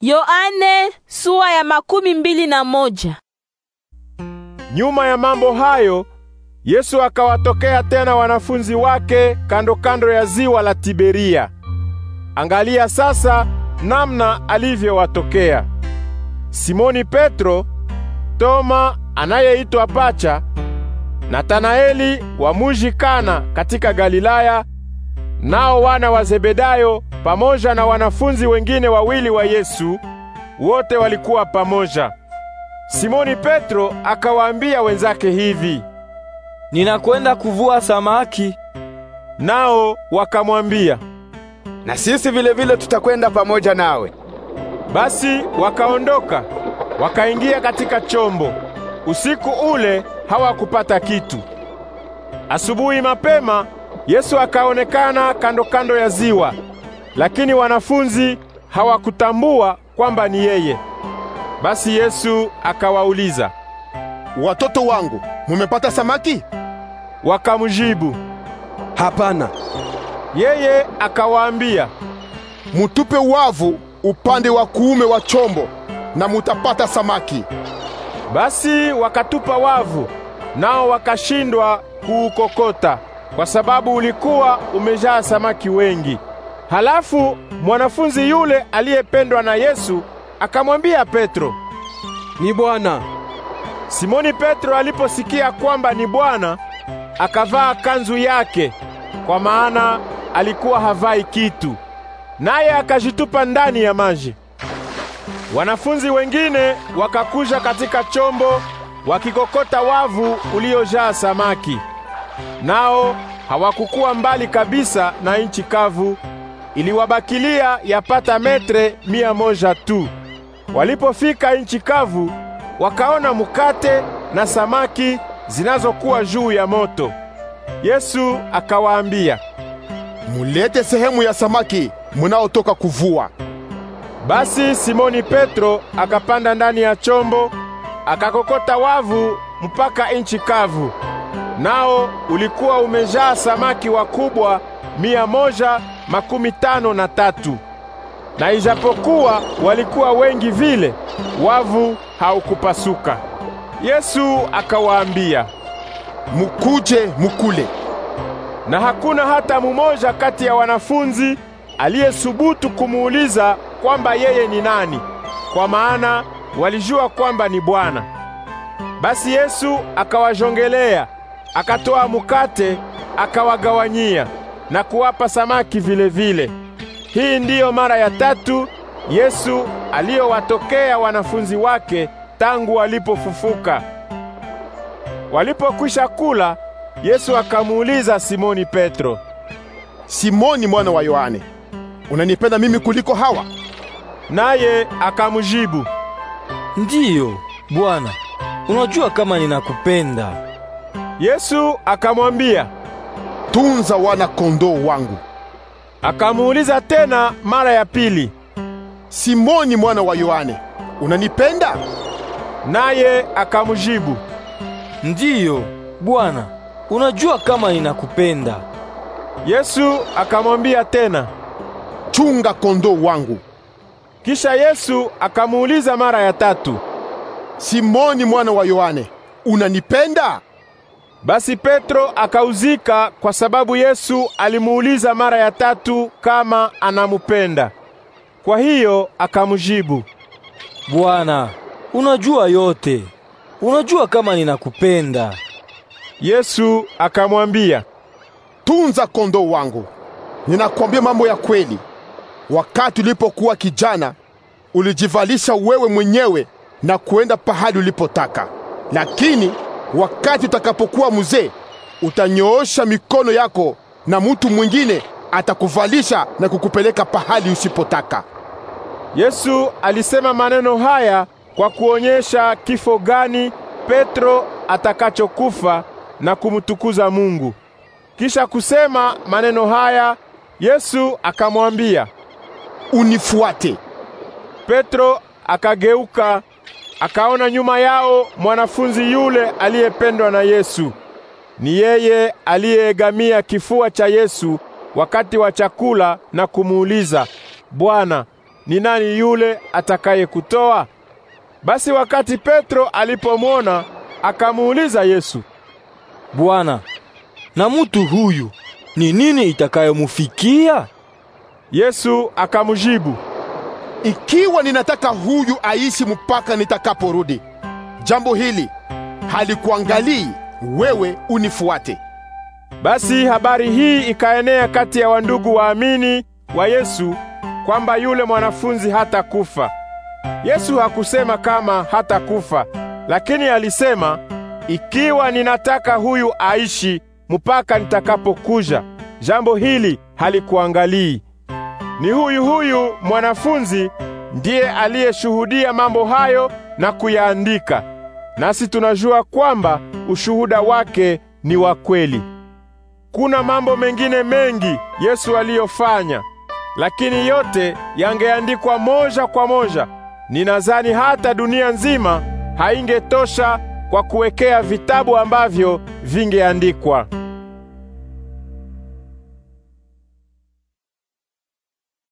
Yoane sura ya makumi mbili na moja. Nyuma ya mambo hayo Yesu akawatokea tena wanafunzi wake kando kando ya ziwa la Tiberia. Angalia sasa namna alivyowatokea. Simoni Petro, Toma anayeitwa Pacha, Natanaeli wa muji Kana katika Galilaya Nao wana wa Zebedayo pamoja na wanafunzi wengine wawili wa Yesu wote walikuwa pamoja. Simoni Petro akawaambia wenzake hivi, ninakwenda kuvua samaki. Nao wakamwambia, na sisi vile vile tutakwenda pamoja nawe. Basi wakaondoka wakaingia katika chombo. Usiku ule hawakupata kitu. Asubuhi mapema Yesu akaonekana kando kando ya ziwa, lakini wanafunzi hawakutambua kwamba ni yeye. Basi Yesu akawauliza, watoto wangu, mumepata samaki? Wakamjibu, hapana. Yeye akawaambia, mutupe wavu upande wa kuume wa chombo na mutapata samaki. Basi wakatupa wavu, nao wakashindwa kuukokota kwa sababu ulikuwa umejaa samaki wengi. Halafu mwanafunzi yule aliyependwa na Yesu akamwambia Petro, ni Bwana. Simoni Petro aliposikia kwamba ni Bwana, akavaa kanzu yake, kwa maana alikuwa havai kitu, naye akajitupa ndani ya maji. Wanafunzi wengine wakakuja katika chombo wakikokota wavu uliojaa samaki nao hawakukuwa mbali kabisa na nchi kavu, iliwabakilia yapata metre mia moja tu. Walipofika nchi kavu, wakaona mukate na samaki zinazokuwa juu ya moto. Yesu akawaambia, mulete sehemu ya samaki munaotoka kuvua. Basi Simoni Petro akapanda ndani ya chombo akakokota wavu mpaka nchi kavu nao ulikuwa umejaa samaki wakubwa mia moja makumi tano na tatu. Na ijapokuwa walikuwa wengi vile, wavu haukupasuka. Yesu akawaambia, mukuje mukule. Na hakuna hata mumoja kati ya wanafunzi aliyesubutu kumuuliza kwamba yeye ni nani, kwa maana walijua kwamba ni Bwana. Basi Yesu akawajongelea akatoa mukate akawagawanyia na kuwapa samaki vilevile vile. Hii ndiyo mara ya tatu Yesu aliyowatokea wanafunzi wake tangu walipofufuka. Walipokwisha kula, Yesu akamuuliza Simoni Petro, Simoni mwana wa Yohane, unanipenda mimi kuliko hawa? Naye akamjibu, Ndiyo, Bwana. Unajua kama ninakupenda. Yesu akamwambia, tunza wana kondoo wangu. Akamuuliza tena mara ya pili, Simoni mwana wa Yohane, unanipenda? Naye akamjibu, ndiyo Bwana, unajua kama ninakupenda. Yesu akamwambia tena, chunga kondoo wangu. Kisha Yesu akamuuliza mara ya tatu, Simoni mwana wa Yohane, unanipenda? Basi Petro akauzika kwa sababu Yesu alimuuliza mara ya tatu kama anamupenda. Kwa hiyo akamjibu, Bwana, unajua yote. Unajua kama ninakupenda. Yesu akamwambia, Tunza kondoo wangu. Ninakwambia mambo ya kweli. Wakati ulipokuwa kijana, ulijivalisha wewe mwenyewe na kuenda pahali ulipotaka. Lakini Wakati utakapokuwa mzee, utanyoosha mikono yako na mtu mwingine atakuvalisha na kukupeleka pahali usipotaka. Yesu alisema maneno haya kwa kuonyesha kifo gani Petro atakachokufa na kumtukuza Mungu. Kisha kusema maneno haya, Yesu akamwambia, "Unifuate." Petro akageuka akaona nyuma yao mwanafunzi yule aliyependwa na Yesu. Ni yeye aliyeegamia kifua cha Yesu wakati wa chakula na kumuuliza, Bwana, ni nani yule atakayekutoa? Basi wakati Petro alipomwona akamuuliza Yesu, Bwana, na mutu huyu ni nini itakayomufikia? Yesu akamjibu, ikiwa ninataka huyu aishi mpaka nitakaporudi. Jambo hili halikuangalii wewe unifuate. Basi habari hii ikaenea kati ya wandugu waamini wa Yesu kwamba yule mwanafunzi hatakufa. Yesu hakusema kama hatakufa, lakini alisema ikiwa ninataka huyu aishi mpaka nitakapokuja. Jambo hili halikuangalii ni huyu huyu mwanafunzi ndiye aliyeshuhudia mambo hayo na kuyaandika, nasi tunajua kwamba ushuhuda wake ni wa kweli. Kuna mambo mengine mengi Yesu aliyofanya, lakini yote yangeandikwa moja kwa moja, ninadhani hata dunia nzima haingetosha kwa kuwekea vitabu ambavyo vingeandikwa.